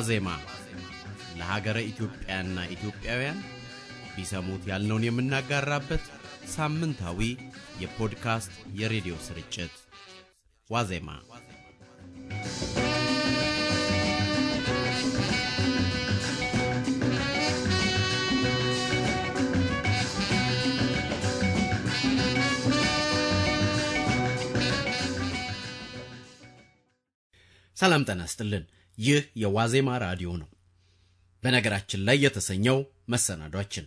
ዋዜማ ለሀገረ ኢትዮጵያና ኢትዮጵያውያን ቢሰሙት ያልነውን የምናጋራበት ሳምንታዊ የፖድካስት የሬዲዮ ስርጭት ዋዜማ ሰላም ጠና ስጥልን። ይህ የዋዜማ ራዲዮ ነው። በነገራችን ላይ የተሰኘው መሰናዷችን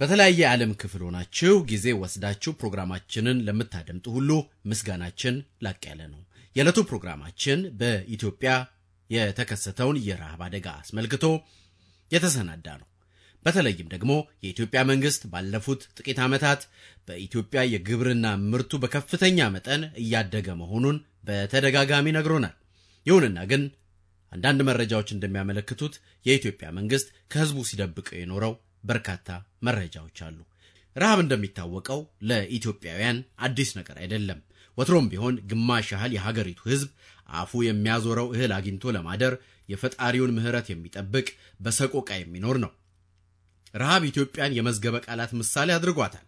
በተለያየ የዓለም ክፍል ሆናችሁ ጊዜ ወስዳችሁ ፕሮግራማችንን ለምታደምጡ ሁሉ ምስጋናችን ላቅ ያለ ነው። የዕለቱ ፕሮግራማችን በኢትዮጵያ የተከሰተውን የረሃብ አደጋ አስመልክቶ የተሰናዳ ነው። በተለይም ደግሞ የኢትዮጵያ መንግስት ባለፉት ጥቂት ዓመታት በኢትዮጵያ የግብርና ምርቱ በከፍተኛ መጠን እያደገ መሆኑን በተደጋጋሚ ነግሮናል። ይሁንና ግን አንዳንድ መረጃዎች እንደሚያመለክቱት የኢትዮጵያ መንግስት ከህዝቡ ሲደብቅ የኖረው በርካታ መረጃዎች አሉ። ረሃብ እንደሚታወቀው ለኢትዮጵያውያን አዲስ ነገር አይደለም። ወትሮም ቢሆን ግማሽ ያህል የሀገሪቱ ህዝብ አፉ የሚያዞረው እህል አግኝቶ ለማደር የፈጣሪውን ምህረት የሚጠብቅ በሰቆቃ የሚኖር ነው። ረሃብ ኢትዮጵያን የመዝገበ ቃላት ምሳሌ አድርጓታል።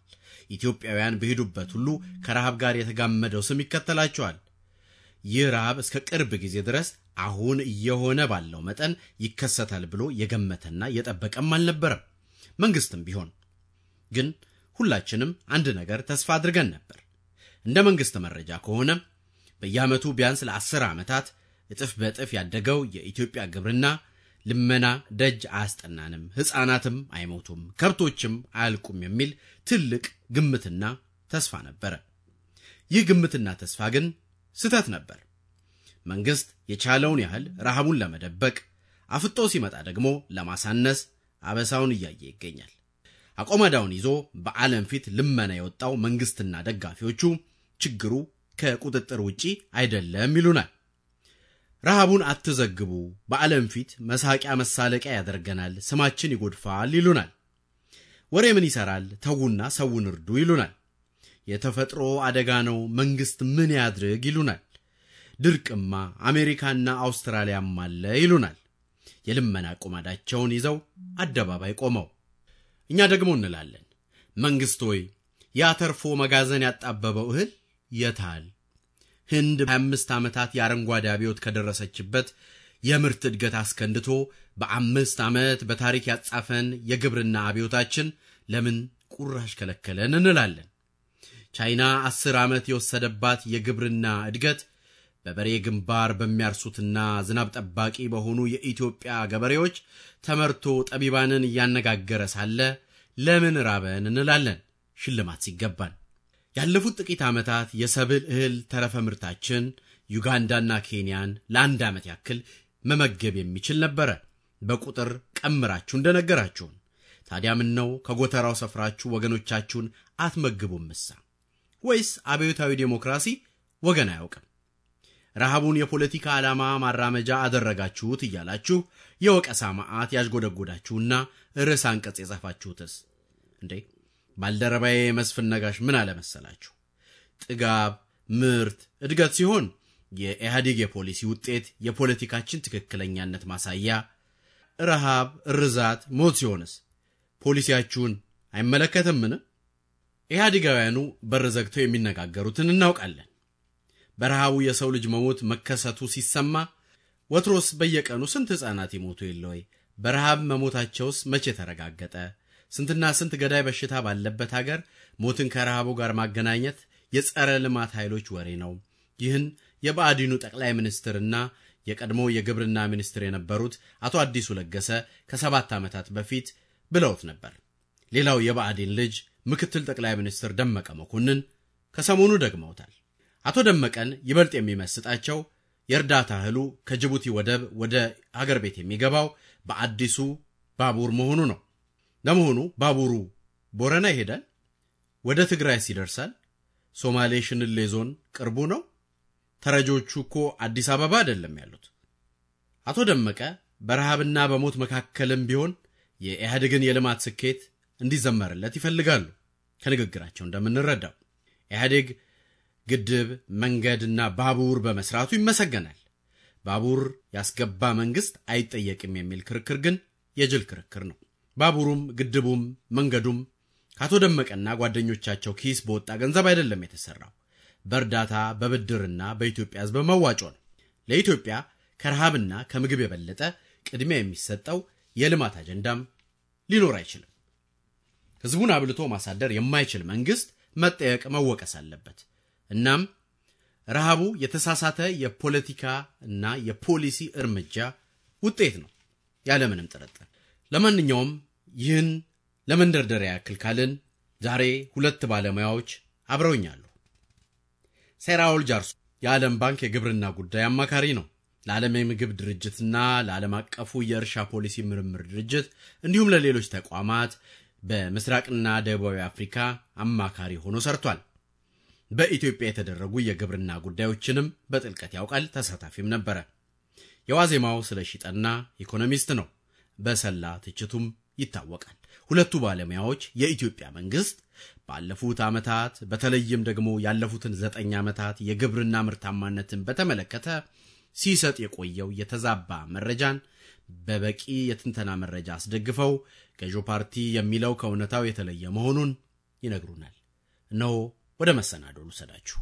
ኢትዮጵያውያን በሄዱበት ሁሉ ከረሃብ ጋር የተጋመደው ስም ይከተላቸዋል። ይህ ረሃብ እስከ ቅርብ ጊዜ ድረስ አሁን እየሆነ ባለው መጠን ይከሰታል ብሎ የገመተና የጠበቀም አልነበረም። መንግስትም ቢሆን ግን ሁላችንም አንድ ነገር ተስፋ አድርገን ነበር። እንደ መንግስት መረጃ ከሆነ በየዓመቱ ቢያንስ ለአስር ዓመታት እጥፍ በእጥፍ ያደገው የኢትዮጵያ ግብርና ልመና ደጅ አያስጠናንም፣ ሕፃናትም አይሞቱም፣ ከብቶችም አያልቁም የሚል ትልቅ ግምትና ተስፋ ነበረ። ይህ ግምትና ተስፋ ግን ስተት ነበር። መንግስት የቻለውን ያህል ረሃቡን ለመደበቅ አፍጦ ሲመጣ ደግሞ ለማሳነስ አበሳውን እያየ ይገኛል። አቆመዳውን ይዞ በዓለም ፊት ልመና የወጣው መንግስትና ደጋፊዎቹ ችግሩ ከቁጥጥር ውጪ አይደለም ይሉናል። ረሃቡን አትዘግቡ፣ በዓለም ፊት መሳቂያ መሳለቂያ ያደርገናል፣ ስማችን ይጎድፋል ይሉናል። ወሬ ምን ይሰራል? ተዉና ሰውን እርዱ ይሉናል። የተፈጥሮ አደጋ ነው፣ መንግስት ምን ያድርግ ይሉናል። ድርቅማ አሜሪካና አውስትራሊያም አለ ይሉናል። የልመና ቁማዳቸውን ይዘው አደባባይ ቆመው፣ እኛ ደግሞ እንላለን መንግስት ሆይ የአተርፎ መጋዘን ያጣበበው እህል የታል? ህንድ በአምስት ዓመታት የአረንጓዴ አብዮት ከደረሰችበት የምርት እድገት አስከንድቶ በአምስት ዓመት በታሪክ ያጻፈን የግብርና አብዮታችን ለምን ቁራሽ ከለከለን እንላለን። ቻይና አስር ዓመት የወሰደባት የግብርና እድገት በበሬ ግንባር በሚያርሱትና ዝናብ ጠባቂ በሆኑ የኢትዮጵያ ገበሬዎች ተመርቶ ጠቢባንን እያነጋገረ ሳለ ለምን ራበን እንላለን ሽልማት ሲገባን። ያለፉት ጥቂት ዓመታት የሰብል እህል ተረፈ ምርታችን ዩጋንዳና ኬንያን ለአንድ ዓመት ያክል መመገብ የሚችል ነበረ። በቁጥር ቀምራችሁ እንደነገራችሁን። ታዲያ ምን ነው ከጎተራው ሰፍራችሁ ወገኖቻችሁን ምሳ ወይስ አብዮታዊ ዴሞክራሲ ወገን አያውቅም። ረሃቡን የፖለቲካ ዓላማ ማራመጃ አደረጋችሁት እያላችሁ የወቀሳ መዓት ያዥጎደጎዳችሁና ርዕስ አንቀጽ የጻፋችሁትስ እንዴ? ባልደረባዬ መስፍን ነጋሽ ምን አለመሰላችሁ? ጥጋብ፣ ምርት፣ እድገት ሲሆን የኢህአዴግ የፖሊሲ ውጤት የፖለቲካችን ትክክለኛነት ማሳያ፣ ረሃብ፣ ርዛት፣ ሞት ሲሆንስ ፖሊሲያችሁን አይመለከትምን? ኢህአዴጋውያኑ በር ዘግተው የሚነጋገሩትን እናውቃለን። በረሃቡ የሰው ልጅ መሞት መከሰቱ ሲሰማ ወትሮስ በየቀኑ ስንት ሕፃናት ይሞቱ የለ ወይ? በረሃብ መሞታቸውስ መቼ ተረጋገጠ? ስንትና ስንት ገዳይ በሽታ ባለበት አገር ሞትን ከረሃቡ ጋር ማገናኘት የጸረ ልማት ኃይሎች ወሬ ነው። ይህን የብአዴኑ ጠቅላይ ሚኒስትርና የቀድሞ የግብርና ሚኒስትር የነበሩት አቶ አዲሱ ለገሰ ከሰባት ዓመታት በፊት ብለውት ነበር። ሌላው የብአዴን ልጅ ምክትል ጠቅላይ ሚኒስትር ደመቀ መኮንን ከሰሞኑ ደግመውታል። አቶ ደመቀን ይበልጥ የሚመስጣቸው የእርዳታ እህሉ ከጅቡቲ ወደብ ወደ ሀገር ቤት የሚገባው በአዲሱ ባቡር መሆኑ ነው። ለመሆኑ ባቡሩ ቦረና ይሄዳል? ወደ ትግራይ ሲደርሳል ሶማሌ ሽንሌ ዞን ቅርቡ ነው። ተረጆቹ እኮ አዲስ አበባ አይደለም ያሉት። አቶ ደመቀ በረሃብና በሞት መካከልም ቢሆን የኢህአድግን የልማት ስኬት እንዲዘመርለት ይፈልጋሉ። ከንግግራቸው እንደምንረዳው ኢህአዴግ ግድብ፣ መንገድና ባቡር በመስራቱ ይመሰገናል። ባቡር ያስገባ መንግስት አይጠየቅም የሚል ክርክር ግን የጅል ክርክር ነው። ባቡሩም ግድቡም መንገዱም ከአቶ ደመቀና ጓደኞቻቸው ኪስ በወጣ ገንዘብ አይደለም የተሰራው፣ በእርዳታ በብድርና በኢትዮጵያ ህዝብ መዋጮ ነው። ለኢትዮጵያ ከረሃብና ከምግብ የበለጠ ቅድሚያ የሚሰጠው የልማት አጀንዳም ሊኖር አይችልም። ህዝቡን አብልቶ ማሳደር የማይችል መንግስት መጠየቅ፣ መወቀስ አለበት። እናም ረሃቡ የተሳሳተ የፖለቲካ እና የፖሊሲ እርምጃ ውጤት ነው ያለምንም ጥርጥር። ለማንኛውም ይህን ለመንደርደሪያ ያክል ካልን ዛሬ ሁለት ባለሙያዎች አብረውኛሉ። ሴራውል ጃርሶ የዓለም ባንክ የግብርና ጉዳይ አማካሪ ነው። ለዓለም የምግብ ድርጅትና ለዓለም አቀፉ የእርሻ ፖሊሲ ምርምር ድርጅት እንዲሁም ለሌሎች ተቋማት በምስራቅና ደቡባዊ አፍሪካ አማካሪ ሆኖ ሰርቷል። በኢትዮጵያ የተደረጉ የግብርና ጉዳዮችንም በጥልቀት ያውቃል፣ ተሳታፊም ነበረ። የዋዜማው ስለ ሽጠና ኢኮኖሚስት ነው። በሰላ ትችቱም ይታወቃል። ሁለቱ ባለሙያዎች የኢትዮጵያ መንግስት ባለፉት ዓመታት በተለይም ደግሞ ያለፉትን ዘጠኝ ዓመታት የግብርና ምርታማነትን በተመለከተ ሲሰጥ የቆየው የተዛባ መረጃን በበቂ የትንተና መረጃ አስደግፈው ገዢው ፓርቲ የሚለው ከእውነታው የተለየ መሆኑን ይነግሩናል። እነሆ ወደ መሰናዶ ልውሰዳችሁ።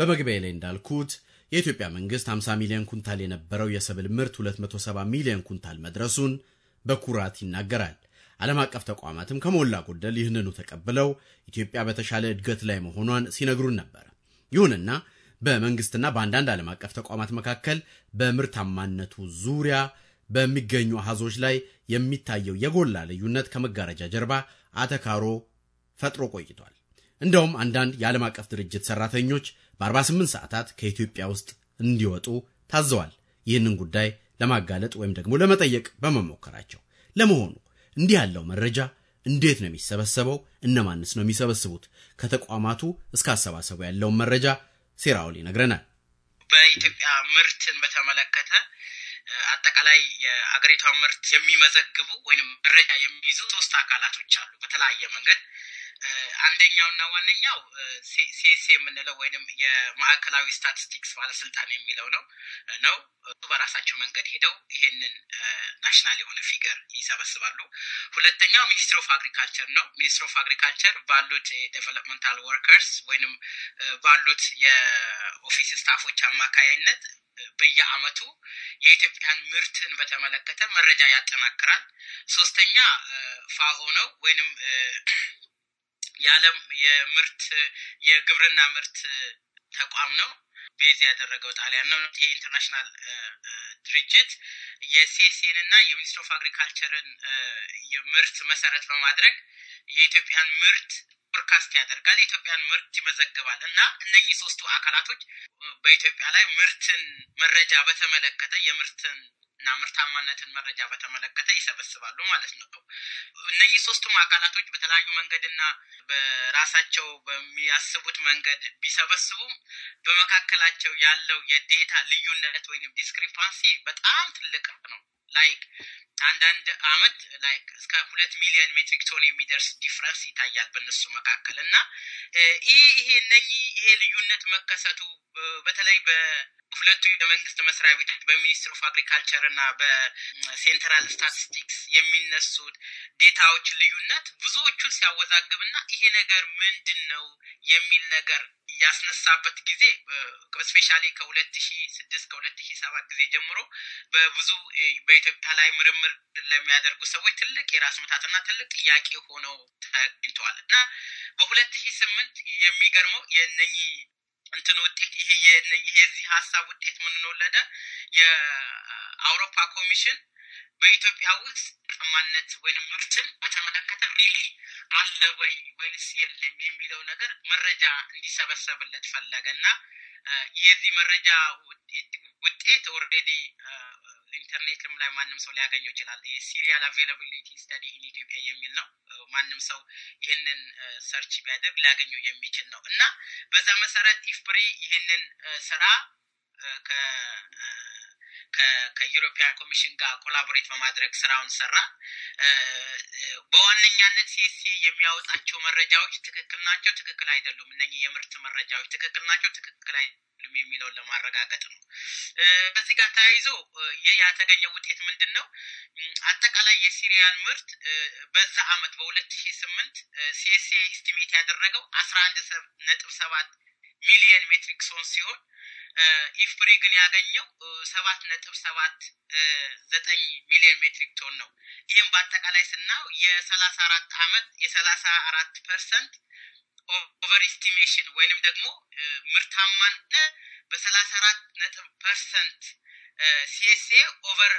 በመግቢያ ላይ እንዳልኩት የኢትዮጵያ መንግስት 50 ሚሊዮን ኩንታል የነበረው የሰብል ምርት 270 ሚሊዮን ኩንታል መድረሱን በኩራት ይናገራል። ዓለም አቀፍ ተቋማትም ከሞላ ጎደል ይህንኑ ተቀብለው ኢትዮጵያ በተሻለ እድገት ላይ መሆኗን ሲነግሩን ነበር። ይሁንና በመንግስትና በአንዳንድ ዓለም አቀፍ ተቋማት መካከል በምርታማነቱ ዙሪያ በሚገኙ አሃዞች ላይ የሚታየው የጎላ ልዩነት ከመጋረጃ ጀርባ አተካሮ ፈጥሮ ቆይቷል። እንደውም አንዳንድ የዓለም አቀፍ ድርጅት ሰራተኞች በ48 ሰዓታት ከኢትዮጵያ ውስጥ እንዲወጡ ታዘዋል። ይህንን ጉዳይ ለማጋለጥ ወይም ደግሞ ለመጠየቅ በመሞከራቸው። ለመሆኑ እንዲህ ያለው መረጃ እንዴት ነው የሚሰበሰበው? እነማንስ ነው የሚሰበስቡት? ከተቋማቱ እስከ አሰባሰቡ ያለውን መረጃ ሴራውል ይነግረናል። በኢትዮጵያ ምርትን በተመለከተ አጠቃላይ የአገሪቷ ምርት የሚመዘግቡ ወይም መረጃ የሚይዙ ሶስት አካላቶች አሉ። በተለያየ መንገድ አንደኛውና ዋነኛው ሴሴ የምንለው ወይም የማዕከላዊ ስታቲስቲክስ ባለስልጣን የሚለው ነው ነው በራሳቸው መንገድ ሄደው ይሄንን ናሽናል የሆነ ፊገር ይሰበስባሉ። ሁለተኛው ሚኒስትር ኦፍ አግሪካልቸር ነው። ሚኒስትር ኦፍ አግሪካልቸር ባሉት የዴቨሎፕመንታል ወርከርስ ወይንም ባሉት የኦፊስ ስታፎች አማካይነት በየአመቱ የኢትዮጵያን ምርትን በተመለከተ መረጃ ያጠናክራል። ሶስተኛ ፋኦ ነው ወይንም የዓለም የምርት የግብርና ምርት ተቋም ነው። ቤዝ ያደረገው ጣሊያን ነው። የኢንተርናሽናል ድርጅት የሲኤስኤን እና የሚኒስትር ኦፍ አግሪካልቸርን የምርት መሰረት በማድረግ የኢትዮጵያን ምርት ፎርካስት ያደርጋል። የኢትዮጵያን ምርት ይመዘግባል እና እነዚህ ሶስቱ አካላቶች በኢትዮጵያ ላይ ምርትን መረጃ በተመለከተ የምርትን እና ምርታማነትን መረጃ በተመለከተ ይሰበስባሉ ማለት ነው። እነዚህ ሶስቱም አካላቶች በተለያዩ መንገድና በራሳቸው በሚያስቡት መንገድ ቢሰበስቡም በመካከላቸው ያለው የዴታ ልዩነት ወይም ዲስክሪፓንሲ በጣም ትልቅ ነው። ላይክ አንዳንድ አመት ላይክ እስከ ሁለት ሚሊዮን ሜትሪክ ቶን የሚደርስ ዲፍረንስ ይታያል በእነሱ መካከል እና ይሄ ይሄ እነ ይሄ ልዩነት መከሰቱ በተለይ በሁለቱ የመንግስት መስሪያ ቤቶች በሚኒስትር ኦፍ አግሪካልቸር እና በሴንትራል ስታቲስቲክስ የሚነሱ ዴታዎች ልዩነት ብዙዎቹን ሲያወዛግብ እና ይሄ ነገር ምንድን ነው የሚል ነገር ያስነሳበት ጊዜ ስፔሻሊ ከሁለት ሺ ስድስት ከሁለት ሺ ሰባት ጊዜ ጀምሮ በብዙ በኢትዮጵያ ላይ ምርምር ለሚያደርጉ ሰዎች ትልቅ የራስ ምታትና ትልቅ ጥያቄ ሆነው ተገኝተዋል እና በሁለት ሺ ስምንት የሚገርመው የነኚ እንትን ውጤት ይሄ የዚህ ሀሳብ ውጤት ምን የአውሮፓ ኮሚሽን በኢትዮጵያ ውስጥ ጠማነት ወይም ምርትን በተመለከተ ሪሊ አለ ወይ ወይንስ የለም የሚለው ነገር መረጃ እንዲሰበሰብለት ፈለገ እና የዚህ መረጃ ውጤት ኦልሬዲ ኢንተርኔትም ላይ ማንም ሰው ሊያገኘው ይችላል። የሲሪያል አቬላብሊቲ ስተዲ ኢን ኢትዮጵያ የሚል ነው። ማንም ሰው ይህንን ሰርች ቢያደርግ ሊያገኘው የሚችል ነው እና በዛ መሰረት ኢፍፕሪ ይህንን ስራ ከዩሮፒያን ኮሚሽን ጋር ኮላቦሬት በማድረግ ስራውን ሰራ። በዋነኛነት ሲሲ የሚያወጣቸው መረጃዎች ትክክል ናቸው፣ ትክክል አይደሉም፣ እነኚህ የምርት መረጃዎች ትክክል ናቸው፣ ትክክል አይደሉም የሚለውን ለማረጋገጥ ነው። ከዚህ ጋር ተያይዞ ይህ ያተገኘው ውጤት ምንድን ነው? አጠቃላይ የሲሪያል ምርት በዛ አመት በሁለት ሺ ስምንት ሲኤስኤ ኢስቲሜት ያደረገው አስራ አንድ ነጥብ ሰባት ሚሊየን ሜትሪክ ሶን ሲሆን ኢፍሪ ግን ያገኘው ሰባት ነጥብ ሰባት ዘጠኝ ሚሊዮን ሜትሪክ ቶን ነው። ይህም በአጠቃላይ ስናው የሰላሳ አራት አመት የሰላሳ አራት ፐርሰንት ኦቨር ኢስቲሜሽን ወይንም ደግሞ ምርታማነ በሰላሳ አራት ነጥብ ፐርሰንት ሲኤስኤ ኦቨር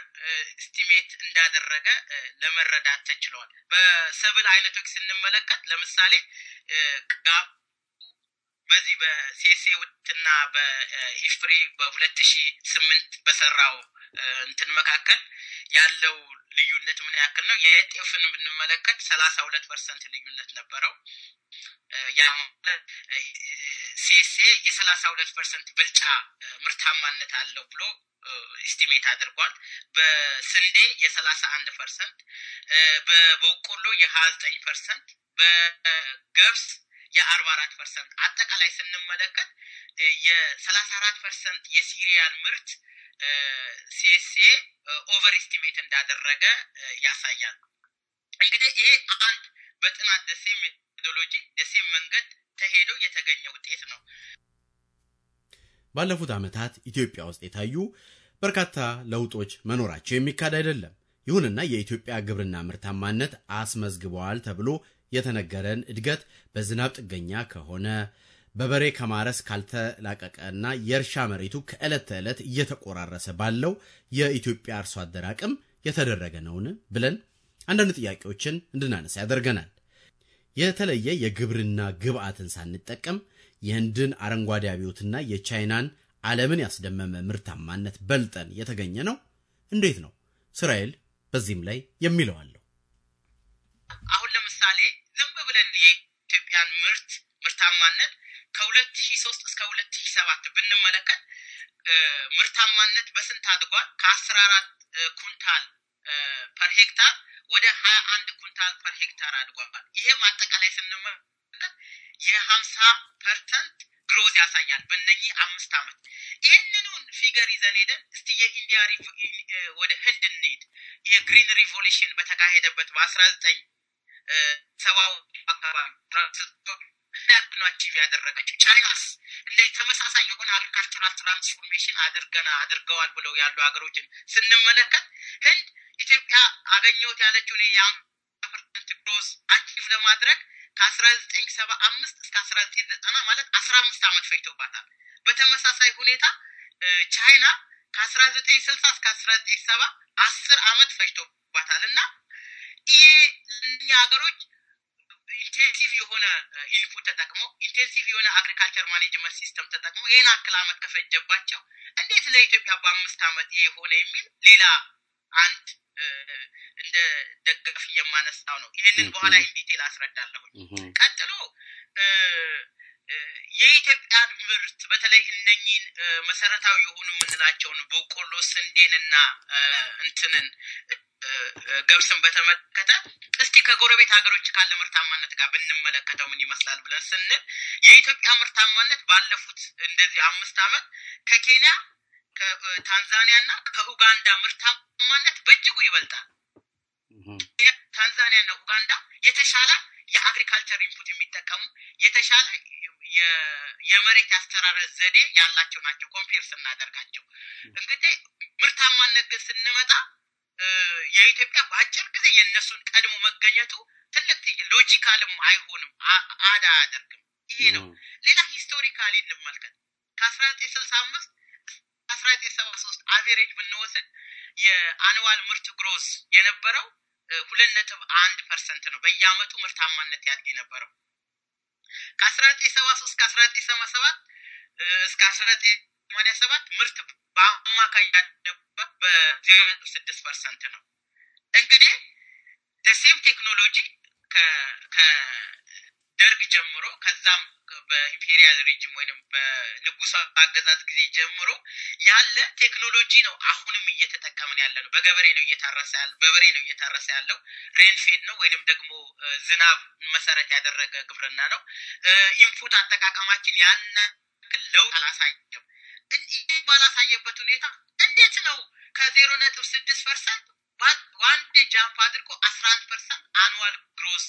ስቲሜት እንዳደረገ ለመረዳት ተችሏል። በሰብል አይነቶች ስንመለከት ለምሳሌ ጋብ በዚህ በሴሴ በሴሴውትና በኢፍሪ በሁለት ሺ ስምንት በሰራው እንትን መካከል ያለው ልዩነት ምን ያክል ነው? የጤፍን ብንመለከት ሰላሳ ሁለት ፐርሰንት ልዩነት ነበረው። ሴሴ የሰላሳ ሁለት ፐርሰንት ብልጫ ምርታማነት አለው ብሎ ኢስቲሜት አድርጓል። በስንዴ የሰላሳ አንድ ፐርሰንት በበቆሎ የሀያ ዘጠኝ ፐርሰንት በገብስ የአርባ አራት ፐርሰንት አጠቃላይ ስንመለከት የሰላሳ አራት ፐርሰንት የሲሪያን ምርት ሲኤስኤ ኦቨር ኢስቲሜት እንዳደረገ ያሳያል። እንግዲህ ይሄ አንድ በጥናት ደሴ ሜቶዶሎጂ ደሴ መንገድ ተሄዶ የተገኘ ውጤት ነው። ባለፉት ዓመታት ኢትዮጵያ ውስጥ የታዩ በርካታ ለውጦች መኖራቸው የሚካድ አይደለም። ይሁንና የኢትዮጵያ ግብርና ምርታማነት አስመዝግበዋል ተብሎ የተነገረን እድገት በዝናብ ጥገኛ ከሆነ በበሬ ከማረስ ካልተላቀቀና የእርሻ መሬቱ ከዕለት ተዕለት እየተቆራረሰ ባለው የኢትዮጵያ አርሶ አደር አቅም የተደረገ ነውን ብለን አንዳንድ ጥያቄዎችን እንድናነሳ ያደርገናል። የተለየ የግብርና ግብዓትን ሳንጠቀም የህንድን አረንጓዴ አብዮትና የቻይናን ዓለምን ያስደመመ ምርታማነት በልጠን የተገኘ ነው። እንዴት ነው እስራኤል በዚህም ላይ የሚለዋለሁ ወስደን የኢትዮጵያን ምርት ምርታማነት ከሁለት ሺ ሶስት እስከ ሁለት ሺ ሰባት ብንመለከት ምርታማነት በስንት አድጓል? ከአስራ አራት ኩንታል ፐር ሄክታር ወደ ሀያ አንድ ኩንታል ፐር ሄክታር አድጓል። ይህም አጠቃላይ ስንመለከት የሀምሳ ፐርሰንት ግሮዝ ያሳያል በእነኚህ አምስት አመት ይህንኑን ፊገር ይዘን ሄደን እስቲ የኢንዲያ ወደ ህንድ እንሄድ የግሪን ሪቮሉሽን በተካሄደበት በአስራ ዘጠኝ ሰባው አካባቢ ስልናቺቭ ያደረገችው ቻይናስ እንደ ተመሳሳይ የሆነ አግሪካልቸራል ትራንስፎርሜሽን አድርገና አድርገዋል ብለው ያሉ ሀገሮችን ስንመለከት ህንድ ኢትዮጵያ አገኘሁት ያለችውን የአም ፐርሰንት ግሮስ አቺቭ ለማድረግ ከአስራ ዘጠኝ ሰባ አምስት እስከ አስራ ዘጠኝ ዘጠና ማለት አስራ አምስት አመት ፈጅቶባታል። በተመሳሳይ ሁኔታ ቻይና ከአስራ ዘጠኝ ስልሳ እስከ አስራ ዘጠኝ ሰባ አስር አመት ፈጅቶባታል እና ይሄ ሀገሮች ኢንቴንሲቭ የሆነ ኢንፑት ተጠቅሞ ኢንቴንሲቭ የሆነ አግሪካልቸር ማኔጅመንት ሲስተም ተጠቅሞ ይህን አክል አመት ከፈጀባቸው እንዴት ለኢትዮጵያ በአምስት አመት ይሄ ሆነ የሚል ሌላ አንድ እንደ ደገፍ የማነሳው ነው። ይህንን በኋላ ኢንዲቴል አስረዳለሁኝ። ቀጥሎ የኢትዮጵያን ምርት በተለይ እነኚህን መሰረታዊ የሆኑ የምንላቸውን በቆሎ፣ ስንዴንና እንትንን ገብስን በተመለከተ እስቲ ከጎረቤት ሀገሮች ካለ ምርታማነት ጋር ብንመለከተው ምን ይመስላል ብለን ስንል የኢትዮጵያ ምርታማነት ባለፉት እንደዚህ አምስት አመት ከኬንያ ከታንዛኒያ እና ከኡጋንዳ ምርታማነት በእጅጉ ይበልጣል። ታንዛኒያ እና ኡጋንዳ የተሻለ የአግሪካልቸር ኢንፑት የሚጠቀሙ የተሻለ የመሬት አስተራረስ ዘዴ ያላቸው ናቸው ኮምፔር ስናደርጋቸው። እንግዲህ ምርታማነት ግን ስንመጣ የኢትዮጵያ በአጭር ጊዜ የእነሱን ቀድሞ መገኘቱ ትልቅ ሎጂካልም አይሆንም፣ አዳ አያደርግም። ይሄ ነው። ሌላ ሂስቶሪካሊ እንመልከት። ከአስራ ዘጠኝ ስልሳ አምስት አስራ ዘጠኝ ሰባ ሶስት አቬሬጅ ብንወስድ የአንዋል ምርት ግሮስ የነበረው ሁለት ነጥብ አንድ ፐርሰንት ነው። በየአመቱ ምርታማነት ያድግ የነበረው ከአስራ ዘጠኝ ሰባ ሶስት ከአስራ ዘጠኝ ሰባ ሰባት እስከ አስራ ዘጠኝ ሰማንያ ሰባት ምርት በአማካይ ያደጉበት በዜሮ ስድስት ፐርሰንት ነው። እንግዲህ ደሴም ቴክኖሎጂ ከደርግ ጀምሮ ከዛም በኢምፔሪያል ሪጅም ወይም በንጉስ አገዛዝ ጊዜ ጀምሮ ያለ ቴክኖሎጂ ነው። አሁንም እየተጠቀምን ያለ ነው። በገበሬ ነው እየታረሰ ያለ በበሬ ነው እየታረሰ ያለው ሬንፌድ ነው ወይንም ደግሞ ዝናብ መሰረት ያደረገ ግብርና ነው። ኢንፑት አጠቃቀማችን ያን ያክል ለውጥ አላሳየም። ባላሳየበት ሁኔታ እንዴት ነው ከዜሮ ነጥብ ስድስት ፐርሰንት ዋንድ ጃምፕ አድርጎ አስራ አንድ ፐርሰንት አኑዋል ግሮስ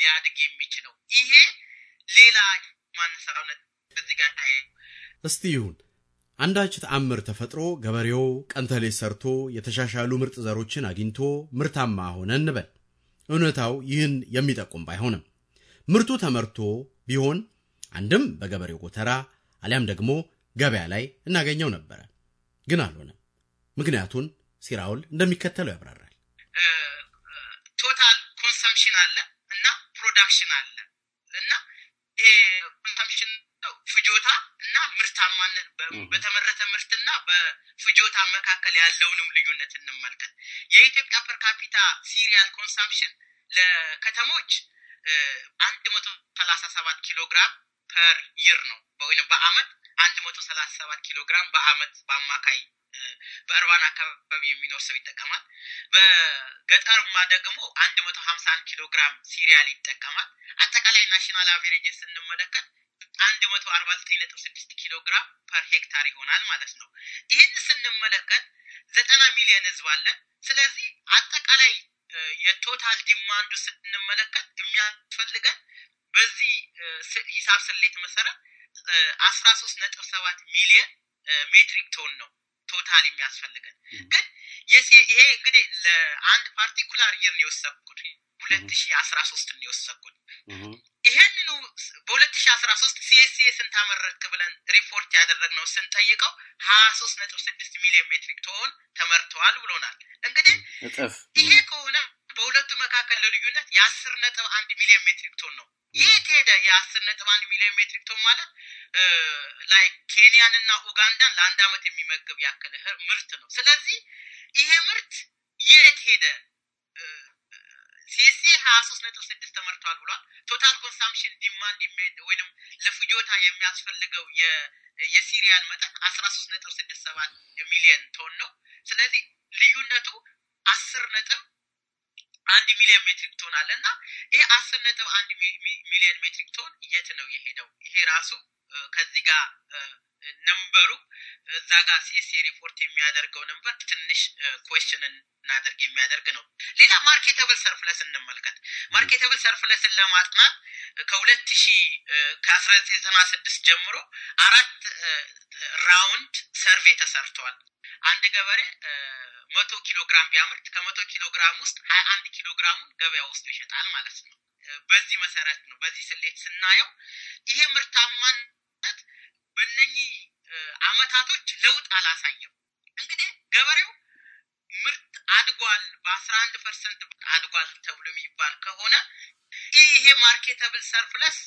ሊያድግ የሚችለው? ይሄ ሌላ ማነሳውነት በዚጋ እስቲ ይሁን አንዳች ተአምር ተፈጥሮ ገበሬው ቀንተሌት ሰርቶ የተሻሻሉ ምርጥ ዘሮችን አግኝቶ ምርታማ ሆነ እንበል። እውነታው ይህን የሚጠቁም ባይሆንም ምርቱ ተመርቶ ቢሆን አንድም በገበሬው ጎተራ አሊያም ደግሞ ገበያ ላይ እናገኘው ነበረ። ግን አልሆነም። ምክንያቱን ሲራውል እንደሚከተለው ያብራራል። ቶታል ኮንሰምሽን አለ እና ፕሮዳክሽን አለ እና ኮንሰምሽን ፍጆታ እና ምርታማነት በተመረተ ምርትና በፍጆታ መካከል ያለውንም ልዩነት እንመልከት። የኢትዮጵያ ፐርካፒታ ሲሪያል ኮንሰምሽን ለከተሞች አንድ መቶ ሰላሳ ሰባት ኪሎ ግራም ፐር ይር ነው ወይም በአመት አንድ መቶ ሰላሳ ሰባት ኪሎ ግራም በአመት በአማካይ በእርባን አካባቢ የሚኖር ሰው ይጠቀማል። በገጠርማ ደግሞ አንድ መቶ ሀምሳ አንድ ኪሎ ግራም ሲሪያል ይጠቀማል። አጠቃላይ ናሽናል አቬሬጅ ስንመለከት አንድ መቶ አርባ ዘጠኝ ነጥብ ስድስት ኪሎ ግራም ፐር ሄክታር ይሆናል ማለት ነው። ይህን ስንመለከት ዘጠና ሚሊዮን ህዝብ አለን። ስለዚህ አጠቃላይ የቶታል ዲማንዱ ስንመለከት የሚያስፈልገን በዚህ ሂሳብ ስሌት መሰረት አስራ ሶስት ነጥብ ሰባት ሚሊየን ሜትሪክ ቶን ነው ቶታል የሚያስፈልገን። ግን ይሄ እንግዲህ ለአንድ ፓርቲኩላር የር ነው የወሰብኩት ሁለት ሺ አስራ ሶስት ነው የወሰብኩት። ይሄንኑ በሁለት ሺ አስራ ሶስት ሲኤስሲኤ ስንት አመረትክ ብለን ሪፖርት ያደረግነው ስንጠይቀው ሀያ ሶስት ነጥብ ስድስት ሚሊዮን ሜትሪክ ቶን ተመርተዋል ብሎናል። እንግዲህ ይሄ ከሆነ በሁለቱ መካከል ለልዩነት የአስር ነጥብ አንድ ሚሊዮን ሜትሪክ ቶን ነው ይሄ ከሄደ የአስር ነጥብ አንድ ሚሊዮን ሜትሪክ ቶን ማለት ላይ ኬንያን እና ኡጋንዳን ለአንድ አመት የሚመግብ ያክል ምርት ነው። ስለዚህ ይሄ ምርት የት ሄደ? ሴሴ ሀያ ሶስት ነጥብ ስድስት ተመርቷል ብሏል። ቶታል ኮንሳምሽን ዲማንድ ወይም ለፍጆታ የሚያስፈልገው የሲሪያን መጠን አስራ ሶስት ነጥብ ስድስት ሰባት ሚሊዮን ቶን ነው። ስለዚህ ልዩነቱ አስር ነጥብ አንድ ሚሊዮን ሜትሪክ ቶን አለ እና ይሄ አስር ነጥብ አንድ ሚሊዮን ሜትሪክ ቶን የት ነው የሄደው? ይሄ ራሱ ከዚህ ጋር ነንበሩ እዛ ጋር ሲኤስሲ ሪፖርት የሚያደርገው ነንበር ትንሽ ኮስችን እናደርግ የሚያደርግ ነው። ሌላ ማርኬተብል ሰርፍለስ እንመልከት። ማርኬተብል ሰርፍለስን ለማጥናት ከሁለት ሺ ከአስራ ዘጠና ስድስት ጀምሮ አራት ራውንድ ሰርቬ ተሰርተዋል። አንድ ገበሬ መቶ ኪሎ ግራም ቢያምርት ከመቶ ኪሎ ግራም ውስጥ ሀያ አንድ ኪሎ ግራሙን ገበያ ውስጥ ይሸጣል ማለት ነው። በዚህ መሰረት ነው በዚህ ስሌት ስናየው ይሄ ምርታማነት በእነኚህ አመታቶች ለውጥ አላሳየም። እንግዲህ ገበሬው ምርት አድጓል በአስራ አንድ ፐርሰንት አድጓል ተብሎ የሚባል ከሆነ ይሄ ማርኬተብል ሰርፕለስ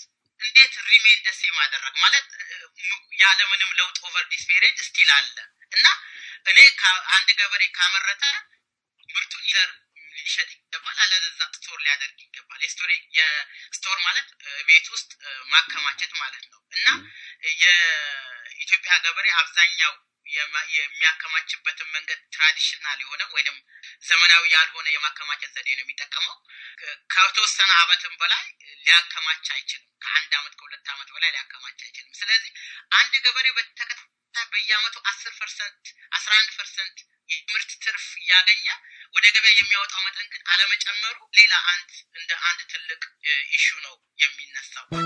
እንዴት ሪሜን ደሴ ማደረግ ማለት ያለምንም ለውጥ ኦቨር ዲስ ስቲል አለ እና እኔ አንድ ገበሬ ካመረተ ምርቱን ይዘር ሊሸጥ ይገባል። አለዛ ስቶር ሊያደርግ ይገባል። የስቶር ማለት ቤት ውስጥ ማከማቸት ማለት ነው እና የኢትዮጵያ ገበሬ አብዛኛው የሚያከማችበትን መንገድ ትራዲሽናል የሆነ ወይም ዘመናዊ ያልሆነ የማከማቸት ዘዴ ነው የሚጠቀመው። ከተወሰነ አመትም በላይ ሊያከማች አይችልም። ከአንድ አመት ከሁለት አመት በላይ ሊያከማች አይችልም። ስለዚህ አንድ ገበሬ በተከታ በየአመቱ አስር ፐርሰንት አስራ አንድ ፐርሰንት የምርት ትርፍ እያገኘ ወደ ገበያ የሚያወጣው መጠን ግን አለመጨመሩ ሌላ አንድ እንደ አንድ ትልቅ ኢሹ ነው የሚነሳው።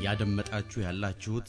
እያደመጣችሁ ያላችሁት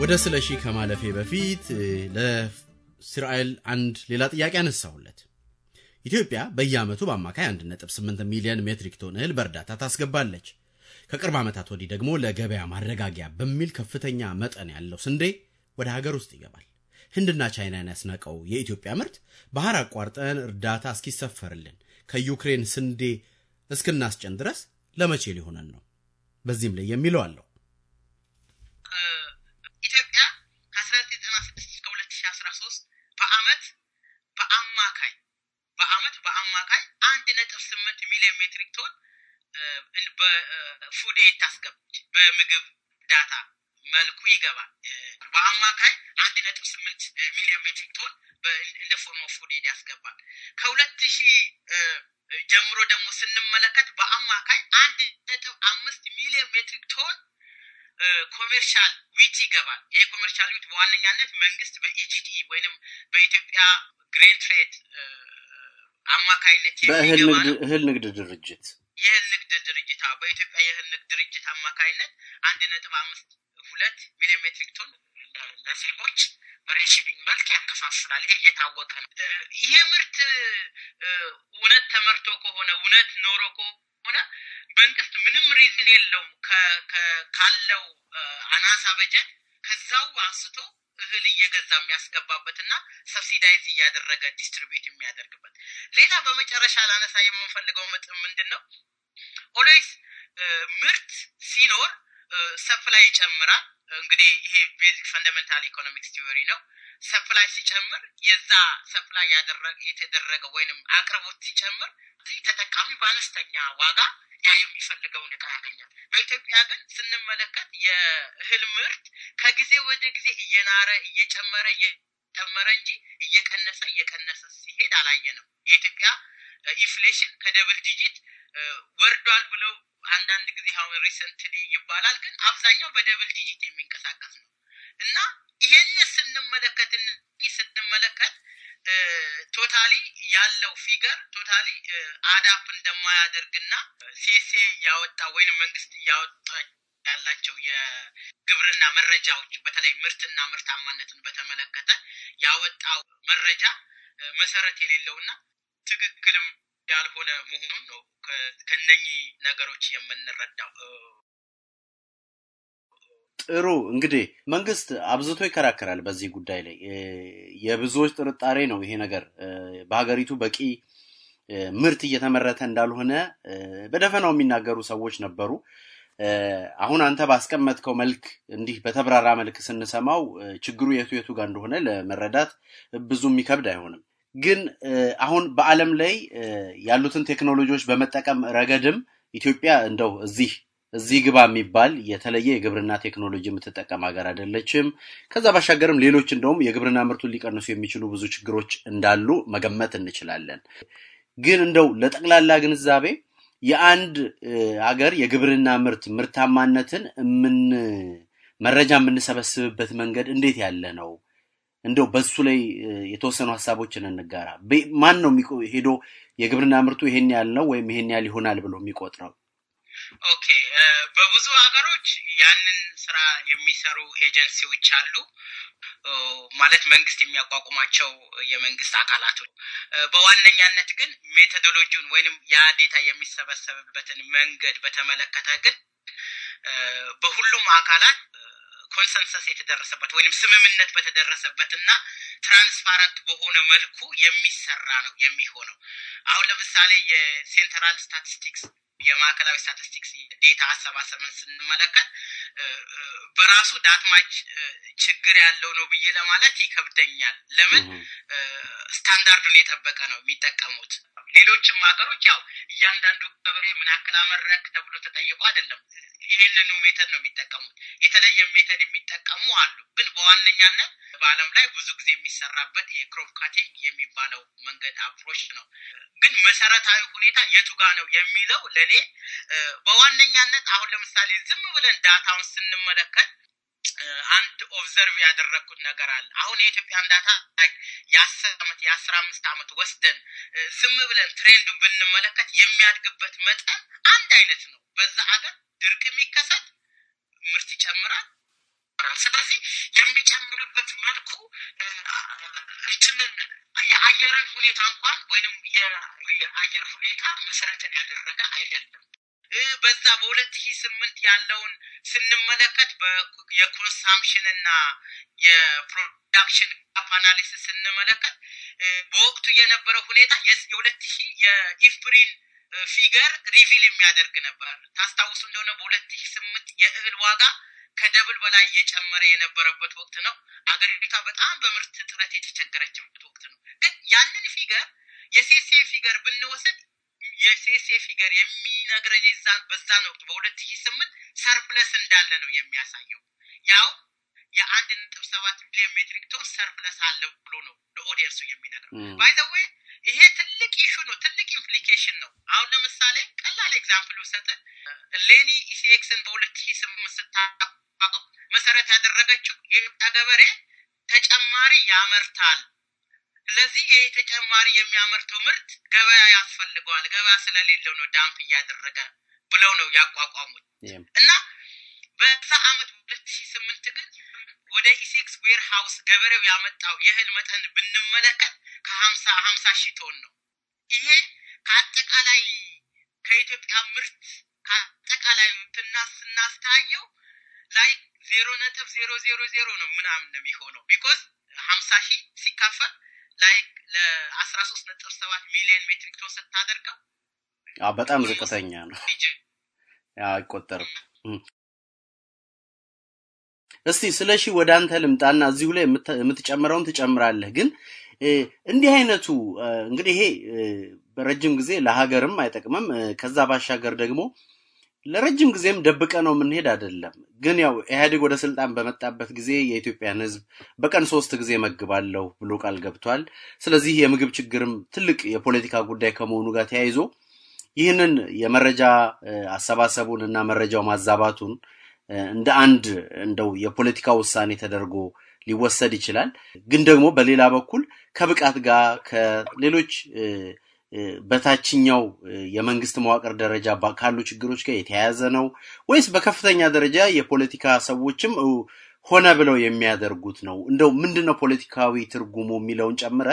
ወደ ስለሺ ከማለፌ በፊት ለእስራኤል አንድ ሌላ ጥያቄ አነሳሁለት። ኢትዮጵያ በየአመቱ በአማካይ 1.8 ሚሊዮን ሜትሪክ ቶን እህል በእርዳታ ታስገባለች። ከቅርብ ዓመታት ወዲህ ደግሞ ለገበያ ማረጋጊያ በሚል ከፍተኛ መጠን ያለው ስንዴ ወደ ሀገር ውስጥ ይገባል። ህንድና ቻይናን ያስነቀው የኢትዮጵያ ምርት ባህር አቋርጠን እርዳታ እስኪሰፈርልን ከዩክሬን ስንዴ እስክናስጨን ድረስ ለመቼ ሊሆነን ነው? በዚህም ላይ የሚለው አለው በፉድ ኤድ ታስገባች በምግብ ዳታ መልኩ ይገባል። በአማካይ አንድ ነጥብ ስምንት ሚሊዮን ሜትሪክ ቶን እንደ ፎርም ኦፍ ፉድ ኤድ ያስገባል። ከሁለት ሺ ጀምሮ ደግሞ ስንመለከት በአማካይ አንድ ነጥብ አምስት ሚሊዮን ሜትሪክ ቶን ኮሜርሻል ዊት ይገባል። ይሄ ኮሜርሻል ዊት በዋነኛነት መንግስት በኢጂዲ ወይም በኢትዮጵያ ግሬን ትሬድ አማካይነት በእህል ንግድ ድርጅት የእህል ንግድ ድርጅት በኢትዮጵያ ይህን ንግድ ድርጅት አማካኝነት አንድ ነጥብ አምስት ሁለት ሚሊሜትሪክ ሜትሪክ ቶን ለዜጎች በሬሽኒንግ መልክ ያከፋፍላል። ይሄ እየታወቀ ነው። ይሄ ምርት እውነት ተመርቶ ከሆነ እውነት ኖሮ ከሆነ መንግስት ምንም ሪዝን የለውም ካለው አናሳ በጀት ከዛው አንስቶ እህል እየገዛ የሚያስገባበትና ሰብሲዳይዝ እያደረገ ዲስትሪቢዩት የሚያደርግበት። ሌላ በመጨረሻ ላነሳ የምንፈልገው ምጥ ምንድን ነው? ኦልዌይስ ምርት ሲኖር ሰፕላይ ይጨምራል። እንግዲህ ይሄ ቤዚክ ፈንዳሜንታል ኢኮኖሚክስ ቲዮሪ ነው። ሰፕላይ ሲጨምር የዛ ሰፕላይ የተደረገ ወይንም አቅርቦት ሲጨምር ተጠቃሚ በአነስተኛ ዋጋ ያ የሚፈልገውን እቃ ያገኛል። በኢትዮጵያ ግን ስንመለከት የእህል ምርት ከጊዜ ወደ ጊዜ እየናረ እየጨመረ እየጨመረ እንጂ እየቀነሰ እየቀነሰ ሲሄድ አላየንም። የኢትዮጵያ ኢንፍሌሽን ከደብል ዲጂት ወርዷል ብለው አንዳንድ ጊዜ አሁን ሪሰንትሊ ይባላል፣ ግን አብዛኛው በደብል ዲጂት የሚንቀሳቀስ ነው እና ይሄን ስንመለከት ስንመለከት ቶታሊ ያለው ፊገር ቶታሊ አዳፕ እንደማያደርግና ሴሴ እያወጣ ወይም መንግስት እያወጣ ያላቸው የግብርና መረጃዎች በተለይ ምርትና ምርታማነትን በተመለከተ ያወጣው መረጃ መሰረት የሌለውና ትክክልም ያልሆነ መሆኑን ነው ከነኚህ ነገሮች የምንረዳው። ጥሩ እንግዲህ መንግስት አብዝቶ ይከራከራል በዚህ ጉዳይ ላይ የብዙዎች ጥርጣሬ ነው። ይሄ ነገር በሀገሪቱ በቂ ምርት እየተመረተ እንዳልሆነ በደፈናው የሚናገሩ ሰዎች ነበሩ። አሁን አንተ ባስቀመጥከው መልክ እንዲህ በተብራራ መልክ ስንሰማው ችግሩ የቱ የቱ ጋር እንደሆነ ለመረዳት ብዙ የሚከብድ አይሆንም። ግን አሁን በአለም ላይ ያሉትን ቴክኖሎጂዎች በመጠቀም ረገድም ኢትዮጵያ እንደው እዚህ እዚህ ግባ የሚባል የተለየ የግብርና ቴክኖሎጂ የምትጠቀም ሀገር አይደለችም። ከዛ ባሻገርም ሌሎች እንደውም የግብርና ምርቱን ሊቀንሱ የሚችሉ ብዙ ችግሮች እንዳሉ መገመት እንችላለን። ግን እንደው ለጠቅላላ ግንዛቤ የአንድ ሀገር የግብርና ምርት ምርታማነትን ምን መረጃ የምንሰበስብበት መንገድ እንዴት ያለ ነው? እንደው በሱ ላይ የተወሰኑ ሀሳቦችን እንጋራ። ማን ነው ሄዶ የግብርና ምርቱ ይሄን ያህል ነው ወይም ይሄን ያህል ይሆናል ብሎ የሚቆጥረው? ኦኬ፣ በብዙ ሀገሮች ያንን ስራ የሚሰሩ ኤጀንሲዎች አሉ። ማለት መንግስት የሚያቋቁማቸው የመንግስት አካላት ነው። በዋነኛነት ግን ሜቶዶሎጂውን ወይንም የአዴታ ዴታ የሚሰበሰብበትን መንገድ በተመለከተ ግን በሁሉም አካላት ኮንሰንሰስ የተደረሰበት ወይም ስምምነት በተደረሰበት እና ትራንስፓረንት በሆነ መልኩ የሚሰራ ነው የሚሆነው። አሁን ለምሳሌ የሴንትራል ስታቲስቲክስ የማዕከላዊ ስታቲስቲክስ ዴታ አሰባሰብን ስንመለከት በራሱ ዳትማች ችግር ያለው ነው ብዬ ለማለት ይከብደኛል። ለምን ስታንዳርዱን የጠበቀ ነው የሚጠቀሙት። ሌሎችም ሀገሮች ያው እያንዳንዱ ገበሬ ምን ያክል አመረክ ተብሎ ተጠይቆ አይደለም። ይህንኑ ሜተድ ነው የሚጠቀሙት። የተለየ ሜተድ የሚጠቀሙ አሉ፣ ግን በዋነኛነት በዓለም ላይ ብዙ ጊዜ የሚሰራበት የክሮፕ ካቲንግ የሚባለው መንገድ አፕሮች ነው። ግን መሰረታዊ ሁኔታ የቱ ጋ ነው የሚለው ለእኔ በዋነኛነት አሁን ለምሳሌ ዝም ብለን ዳታውን ስንመለከት አንድ ኦብዘርቭ ያደረግኩት ነገር አለ። አሁን የኢትዮጵያን ዳታ የአስር ዓመት የአስራ አምስት ዓመት ወስደን ስም ብለን ትሬንዱ ብንመለከት የሚያድግበት መጠን አንድ አይነት ነው። በዛ ሀገር ድርቅ የሚከሰት ምርት ይጨምራል። ስለዚህ የሚጨምርበት መልኩ እችንን የአየርን ሁኔታ እንኳን ወይም የአየር ሁኔታ መሰረትን ያደረገ አይደለም። በዛ በሁለት ሺህ ስምንት ያለውን ስንመለከት የኮንሳምሽን እና የፕሮዳክሽን ጋፕ አናሊሲስ ስንመለከት በወቅቱ የነበረው ሁኔታ የሁለት ሺህ የኢፍሪል ፊገር ሪቪል የሚያደርግ ነበር። ታስታውሱ እንደሆነ በሁለት ሺህ ስምንት የእህል ዋጋ ከደብል በላይ እየጨመረ የነበረበት ወቅት ነው። አገሪቷ በጣም በምርት ጥረት የተቸገረችበት ወቅት ነው። ግን ያንን ፊገር የሴሴ ፊገር ብንወስድ የሴሴፊ ገር የሚነግረኝ የዛን በዛን ወቅት በሁለት ሺህ ስምንት ሰርፕለስ እንዳለ ነው የሚያሳየው። ያው የአንድ ነጥብ ሰባት ቢሊዮን ሜትሪክ ቶን ሰርፕለስ አለ ብሎ ነው ለኦዲየንሱ የሚነግረው። ባይዘወ ይሄ ትልቅ ኢሹ ነው፣ ትልቅ ኢምፕሊኬሽን ነው። አሁን ለምሳሌ ቀላል ኤግዛምፕል ውሰጥ ሌኒ ኢሲኤክስን በሁለት ሺህ ስምንት ስታቋቁም መሰረት ያደረገችው የኢትዮጵያ ገበሬ ተጨማሪ ያመርታል ስለዚህ ይህ ተጨማሪ የሚያመርተው ምርት ገበያ ያስፈልገዋል። ገበያ ስለሌለው ነው ዳምፕ እያደረገ ብለው ነው ያቋቋሙት እና በዛ አመት ሁለት ሺ ስምንት ግን ወደ ኢሴክስ ዌር ሀውስ ገበሬው ያመጣው የእህል መጠን ብንመለከት ከሀምሳ ሀምሳ ሺ ቶን ነው። ይሄ ከአጠቃላይ ከኢትዮጵያ ምርት ከአጠቃላይ ምርትና ስናስተያየው ላይ ዜሮ ነጥብ ዜሮ ዜሮ ዜሮ ነው ምናምን ነው የሚሆነው ቢኮዝ ሀምሳ ሺህ ሲካፈል ላይ ለአስራ ሶስት ነጥብ ሰባት ሚሊዮን ሜትሪክ ቶን ስታደርገው በጣም ዝቅተኛ ነው፣ አይቆጠርም። እስቲ ስለ ሺ ወደ አንተ ልምጣና እዚሁ ላይ የምትጨምረውን ትጨምራለህ። ግን እንዲህ አይነቱ እንግዲህ ይሄ በረጅም ጊዜ ለሀገርም አይጠቅምም። ከዛ ባሻገር ደግሞ ለረጅም ጊዜም ደብቀ ነው የምንሄድ አይደለም። ግን ያው ኢህአዴግ ወደ ስልጣን በመጣበት ጊዜ የኢትዮጵያን ህዝብ በቀን ሶስት ጊዜ መግባለሁ ብሎ ቃል ገብቷል። ስለዚህ የምግብ ችግርም ትልቅ የፖለቲካ ጉዳይ ከመሆኑ ጋር ተያይዞ ይህንን የመረጃ አሰባሰቡን እና መረጃው ማዛባቱን እንደ አንድ እንደው የፖለቲካ ውሳኔ ተደርጎ ሊወሰድ ይችላል። ግን ደግሞ በሌላ በኩል ከብቃት ጋር ከሌሎች በታችኛው የመንግስት መዋቅር ደረጃ ካሉ ችግሮች ጋር የተያያዘ ነው ወይስ በከፍተኛ ደረጃ የፖለቲካ ሰዎችም ሆነ ብለው የሚያደርጉት ነው? እንደው ምንድነው ፖለቲካዊ ትርጉሙ የሚለውን ጨምረ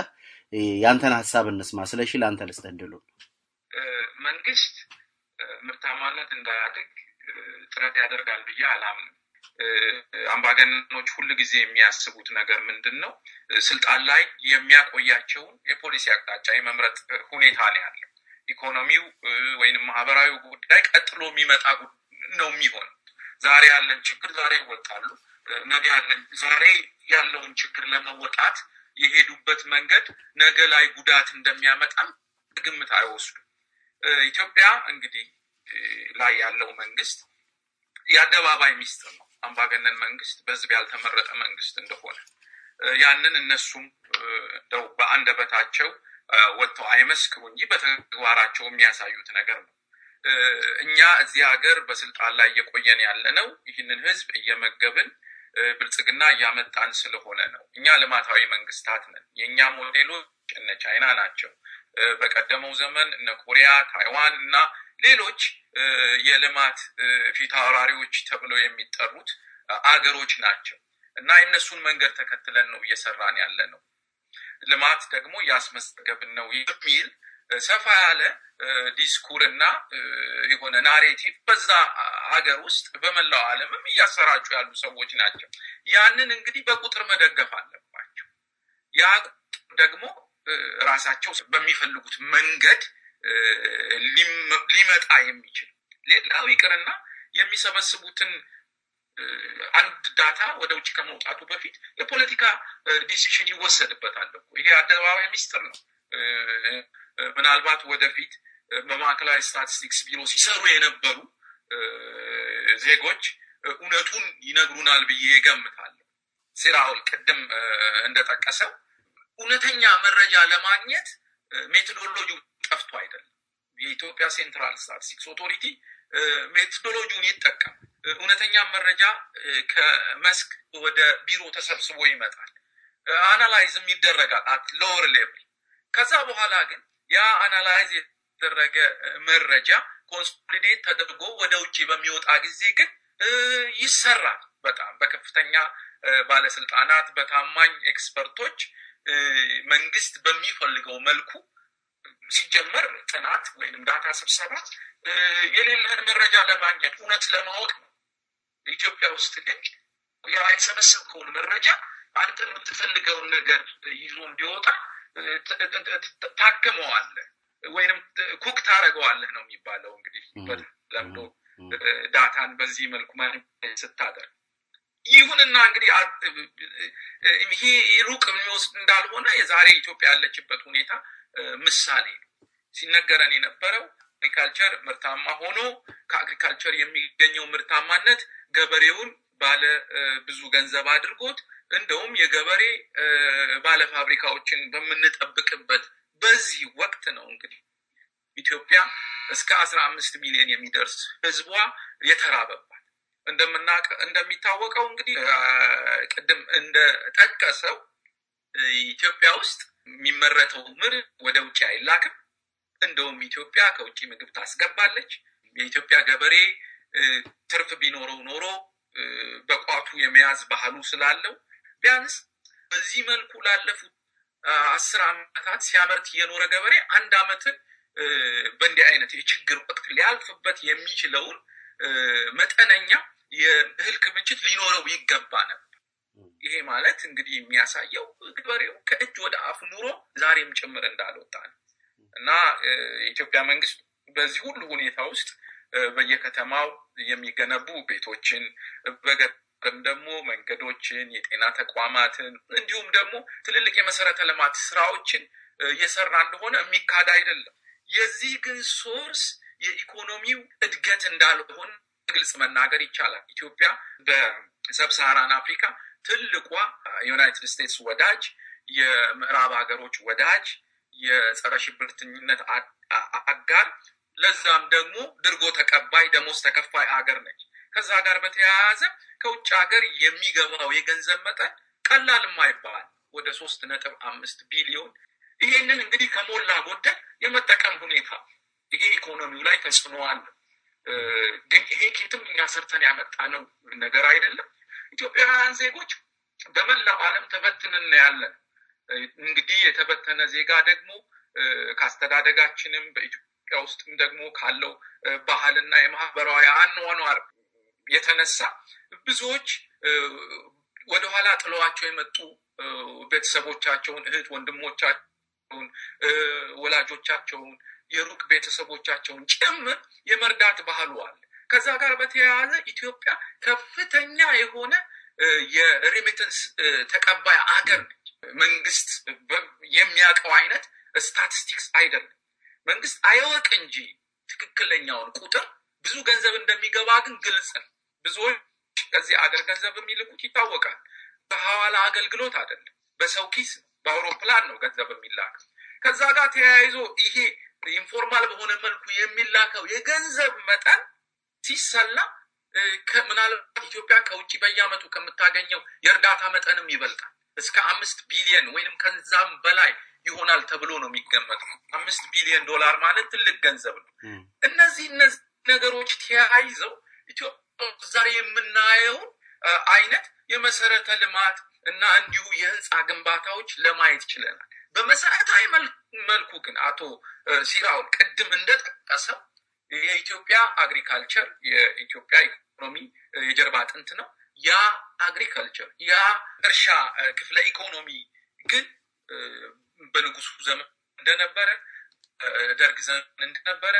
ያንተን ሀሳብ እንስማ። ስለሺ ለአንተ ልስጥ እድሉን። መንግስት ምርታማነት እንዳያድግ ጥረት ያደርጋል ብዬ አላምንም። አምባገነኖች ሁል ጊዜ የሚያስቡት ነገር ምንድን ነው? ስልጣን ላይ የሚያቆያቸውን የፖሊሲ አቅጣጫ የመምረጥ ሁኔታ ነው ያለው። ኢኮኖሚው ወይም ማህበራዊ ጉዳይ ቀጥሎ የሚመጣ ነው የሚሆን። ዛሬ ያለን ችግር ዛሬ ይወጣሉ። ነገ ያለን ዛሬ ያለውን ችግር ለመወጣት የሄዱበት መንገድ ነገ ላይ ጉዳት እንደሚያመጣም ግምት አይወስዱም። ኢትዮጵያ እንግዲህ ላይ ያለው መንግስት የአደባባይ ሚስጥር ነው። አምባገነን መንግስት፣ በህዝብ ያልተመረጠ መንግስት እንደሆነ ያንን እነሱም እንደው በአንደበታቸው ወጥተው አይመስክሩ እንጂ በተግባራቸው የሚያሳዩት ነገር ነው። እኛ እዚህ ሀገር በስልጣን ላይ እየቆየን ነው ይህንን ህዝብ እየመገብን ብልጽግና እያመጣን ስለሆነ ነው። እኛ ልማታዊ መንግስታት ነን። የእኛ ሞዴሎች እነ ቻይና ናቸው። በቀደመው ዘመን እነ ኮሪያ፣ ታይዋን እና ሌሎች የልማት ፊት አውራሪዎች ተብለው የሚጠሩት አገሮች ናቸው እና የእነሱን መንገድ ተከትለን ነው እየሰራን ያለ ነው። ልማት ደግሞ እያስመዘገብን ነው የሚል ሰፋ ያለ ዲስኩር እና የሆነ ናሬቲቭ በዛ ሀገር ውስጥ በመላው ዓለምም እያሰራጩ ያሉ ሰዎች ናቸው። ያንን እንግዲህ በቁጥር መደገፍ አለባቸው። ያ ቁጥር ደግሞ ራሳቸው በሚፈልጉት መንገድ ሊመጣ የሚችል ሌላው ይቅርና የሚሰበስቡትን አንድ ዳታ ወደ ውጭ ከመውጣቱ በፊት የፖለቲካ ዲሲሽን ይወሰድበታል እኮ። ይሄ አደባባይ ሚስጥር ነው። ምናልባት ወደፊት በማዕከላዊ ስታቲስቲክስ ቢሮ ሲሰሩ የነበሩ ዜጎች እውነቱን ይነግሩናል ብዬ ገምታለሁ። ሲራውል ቅድም እንደጠቀሰው እውነተኛ መረጃ ለማግኘት ሜቶዶሎጂው ጠፍቶ አይደለም። የኢትዮጵያ ሴንትራል ስታቲስቲክስ ኦቶሪቲ ሜቶዶሎጂውን ይጠቀም። እውነተኛ መረጃ ከመስክ ወደ ቢሮ ተሰብስቦ ይመጣል። አናላይዝም ይደረጋል አት ሎወር ሌቭል። ከዛ በኋላ ግን ያ አናላይዝ የተደረገ መረጃ ኮንሶሊዴት ተደርጎ ወደ ውጭ በሚወጣ ጊዜ ግን ይሰራል በጣም በከፍተኛ ባለስልጣናት፣ በታማኝ ኤክስፐርቶች መንግስት በሚፈልገው መልኩ ሲጀመር ጥናት ወይም ዳታ ስብሰባ የሌለህን መረጃ ለማግኘት እውነት ለማወቅ ነው። ኢትዮጵያ ውስጥ ግን ያ የሰበሰብከውን መረጃ አንተ የምትፈልገውን ነገር ይዞ እንዲወጣ ታክመዋለህ ወይንም ኩክ ታደርገዋለህ ነው የሚባለው። እንግዲህ ለምዶ ዳታን በዚህ መልኩ ስታደርግ ይሁንና እንግዲህ ይሄ ሩቅ የሚወስድ እንዳልሆነ የዛሬ ኢትዮጵያ ያለችበት ሁኔታ ምሳሌ ነው። ሲነገረን የነበረው አግሪካልቸር ምርታማ ሆኖ ከአግሪካልቸር የሚገኘው ምርታማነት ገበሬውን ባለ ብዙ ገንዘብ አድርጎት እንደውም የገበሬ ባለ ፋብሪካዎችን በምንጠብቅበት በዚህ ወቅት ነው እንግዲህ ኢትዮጵያ እስከ አስራ አምስት ሚሊዮን የሚደርስ ህዝቧ የተራበባት። እንደምናቀ እንደሚታወቀው እንግዲህ ቅድም እንደጠቀሰው ኢትዮጵያ ውስጥ የሚመረተው ምር ወደ ውጭ አይላክም። እንደውም ኢትዮጵያ ከውጭ ምግብ ታስገባለች። የኢትዮጵያ ገበሬ ትርፍ ቢኖረው ኖሮ በቋቱ የመያዝ ባህሉ ስላለው ቢያንስ በዚህ መልኩ ላለፉት አስር ዓመታት ሲያመርት የኖረ ገበሬ አንድ ዓመትን በእንዲህ አይነት የችግር ወቅት ሊያልፍበት የሚችለውን መጠነኛ የእህል ክምችት ሊኖረው ይገባ ነበር። ይሄ ማለት እንግዲህ የሚያሳየው ገበሬው ከእጅ ወደ አፍ ኑሮ ዛሬም ጭምር እንዳልወጣ ነው እና የኢትዮጵያ መንግስት በዚህ ሁሉ ሁኔታ ውስጥ በየከተማው የሚገነቡ ቤቶችን በገጠርም ደግሞ መንገዶችን፣ የጤና ተቋማትን እንዲሁም ደግሞ ትልልቅ የመሰረተ ልማት ስራዎችን እየሰራ እንደሆነ የሚካድ አይደለም። የዚህ ግን ሶርስ የኢኮኖሚው እድገት እንዳልሆን ግልጽ መናገር ይቻላል። ኢትዮጵያ በሰብሳራን አፍሪካ ትልቋ ዩናይትድ ስቴትስ ወዳጅ፣ የምዕራብ ሀገሮች ወዳጅ፣ የጸረ ሽብርተኝነት አጋር ለዛም ደግሞ ድርጎ ተቀባይ ደሞዝ ተከፋይ አገር ነች። ከዛ ጋር በተያያዘ ከውጭ ሀገር የሚገባው የገንዘብ መጠን ቀላል ማይባል ወደ ሶስት ነጥብ አምስት ቢሊዮን ይሄንን እንግዲህ ከሞላ ጎደል የመጠቀም ሁኔታ ይሄ ኢኮኖሚው ላይ ተጽዕኖ አለ። ግን ይሄ ኬትም እኛ ሰርተን ያመጣ ነው ነገር አይደለም። ኢትዮጵያውያን ዜጎች በመላው ዓለም ተበትንን ያለን። እንግዲህ የተበተነ ዜጋ ደግሞ ከአስተዳደጋችንም በኢትዮጵያ ውስጥም ደግሞ ካለው ባህልና የማህበራዊ አኗኗር የተነሳ ብዙዎች ወደኋላ ጥለዋቸው የመጡ ቤተሰቦቻቸውን፣ እህት ወንድሞቻቸውን፣ ወላጆቻቸውን፣ የሩቅ ቤተሰቦቻቸውን ጭምር የመርዳት ባህሉ አለ። ከዛ ጋር በተያያዘ ኢትዮጵያ ከፍተኛ የሆነ የሪሚትንስ ተቀባይ አገር መንግስት የሚያውቀው አይነት ስታቲስቲክስ አይደለም። መንግስት አይወቅ እንጂ ትክክለኛውን ቁጥር ብዙ ገንዘብ እንደሚገባ ግን ግልጽ ነው። ብዙዎች ከዚህ አገር ገንዘብ የሚልኩት ይታወቃል። በሐዋላ አገልግሎት አይደለም፣ በሰው ኪስ ነው። በአውሮፕላን ነው ገንዘብ የሚላከው ከዛ ጋር ተያይዞ ይሄ ኢንፎርማል በሆነ መልኩ የሚላከው የገንዘብ መጠን ሲሰላ ምናልባት ኢትዮጵያ ከውጭ በየዓመቱ ከምታገኘው የእርዳታ መጠንም ይበልጣል። እስከ አምስት ቢሊየን ወይንም ከዛም በላይ ይሆናል ተብሎ ነው የሚገመጠው። አምስት ቢሊየን ዶላር ማለት ትልቅ ገንዘብ ነው። እነዚህ እነዚህ ነገሮች ተያይዘው ኢትዮጵያ ዛሬ የምናየውን አይነት የመሰረተ ልማት እና እንዲሁ የህንፃ ግንባታዎች ለማየት ችለናል። በመሰረታዊ መልኩ ግን አቶ ሲራውን ቅድም እንደጠቀሰው የኢትዮጵያ አግሪካልቸር የኢትዮጵያ ኢኮኖሚ የጀርባ አጥንት ነው። ያ አግሪካልቸር ያ እርሻ ክፍለ ኢኮኖሚ ግን በንጉሱ ዘመን እንደነበረ ደርግ ዘመን እንደነበረ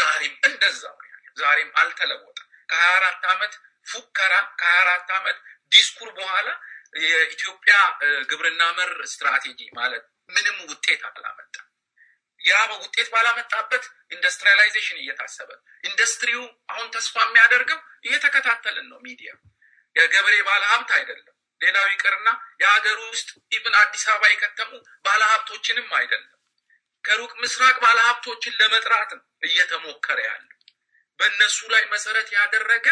ዛሬም እንደዛ ዛሬም አልተለወጠ። ከሀያ አራት ዓመት ፉከራ ከሀያ አራት ዓመት ዲስኩር በኋላ የኢትዮጵያ ግብርና መር ስትራቴጂ ማለት ምንም ውጤት አላመጣም። ያ ውጤት ባላመጣበት ኢንዱስትሪያላይዜሽን እየታሰበ ኢንዱስትሪው አሁን ተስፋ የሚያደርገው እየተከታተልን ነው። ሚዲያ የገበሬ ባለሀብት አይደለም። ሌላው ይቅርና የሀገር ውስጥ ኢብን አዲስ አበባ የከተሙ ባለሀብቶችንም አይደለም። ከሩቅ ምስራቅ ባለሀብቶችን ለመጥራትም እየተሞከረ ያለ በእነሱ ላይ መሰረት ያደረገ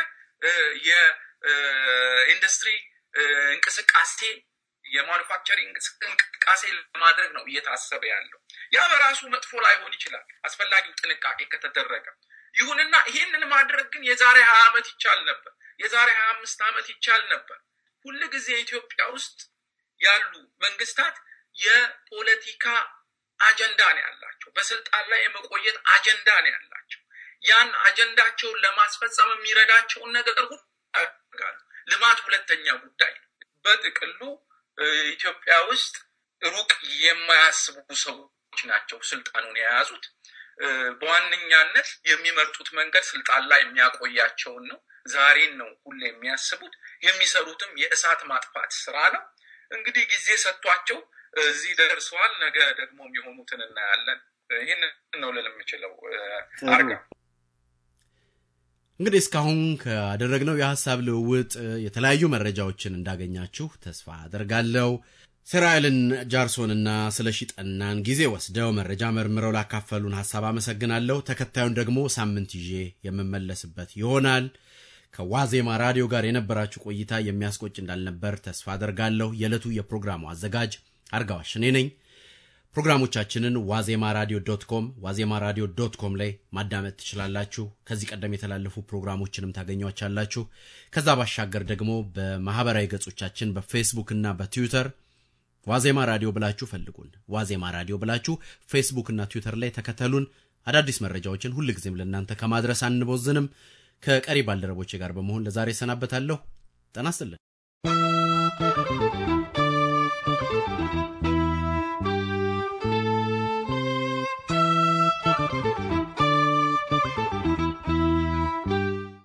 የኢንዱስትሪ እንቅስቃሴ የማኑፋክቸሪንግ እንቅስቃሴ ለማድረግ ነው እየታሰበ ያለው። ያ በራሱ መጥፎ ላይሆን ይችላል አስፈላጊው ጥንቃቄ ከተደረገ። ይሁንና ይህንን ማድረግ ግን የዛሬ ሀያ ዓመት ይቻል ነበር፣ የዛሬ ሀያ አምስት ዓመት ይቻል ነበር። ሁል ጊዜ ኢትዮጵያ ውስጥ ያሉ መንግስታት የፖለቲካ አጀንዳ ነው ያላቸው፣ በስልጣን ላይ የመቆየት አጀንዳ ነው ያላቸው። ያን አጀንዳቸውን ለማስፈጸም የሚረዳቸውን ነገር ሁሉ ያደርጋሉ። ልማት ሁለተኛ ጉዳይ። በጥቅሉ ኢትዮጵያ ውስጥ ሩቅ የማያስቡ ሰው ናቸው ስልጣኑን የያዙት። በዋነኛነት የሚመርጡት መንገድ ስልጣን ላይ የሚያቆያቸውን ነው። ዛሬን ነው ሁሌ የሚያስቡት። የሚሰሩትም የእሳት ማጥፋት ስራ ነው። እንግዲህ ጊዜ ሰጥቷቸው እዚህ ደርሰዋል። ነገ ደግሞ የሚሆኑትን እናያለን። ይህንን ነው ልል የምችለው። አርጋ እንግዲህ እስካሁን ካደረግነው የሀሳብ ልውውጥ የተለያዩ መረጃዎችን እንዳገኛችሁ ተስፋ አደርጋለሁ። ስራኤልን ጃርሶንና ስለሺ ጠናን ጊዜ ወስደው መረጃ መርምረው ላካፈሉን ሀሳብ አመሰግናለሁ። ተከታዩን ደግሞ ሳምንት ይዤ የምመለስበት ይሆናል። ከዋዜማ ራዲዮ ጋር የነበራችሁ ቆይታ የሚያስቆጭ እንዳልነበር ተስፋ አደርጋለሁ። የዕለቱ የፕሮግራሙ አዘጋጅ አርጋዋሽ እኔ ነኝ። ፕሮግራሞቻችንን ዋዜማ ራዲዮ ዶት ኮም ዋዜማ ራዲዮ ዶት ኮም ላይ ማዳመጥ ትችላላችሁ። ከዚህ ቀደም የተላለፉ ፕሮግራሞችንም ታገኟቻላችሁ። ከዛ ባሻገር ደግሞ በማህበራዊ ገጾቻችን በፌስቡክ እና በትዊተር ዋዜማ ራዲዮ ብላችሁ ፈልጉን። ዋዜማ ራዲዮ ብላችሁ ፌስቡክና ትዊተር ላይ ተከተሉን። አዳዲስ መረጃዎችን ሁልጊዜም ለእናንተ ከማድረስ አንቦዝንም። ከቀሪ ባልደረቦቼ ጋር በመሆን ለዛሬ እሰናበታለሁ። ጤና ይስጥልን።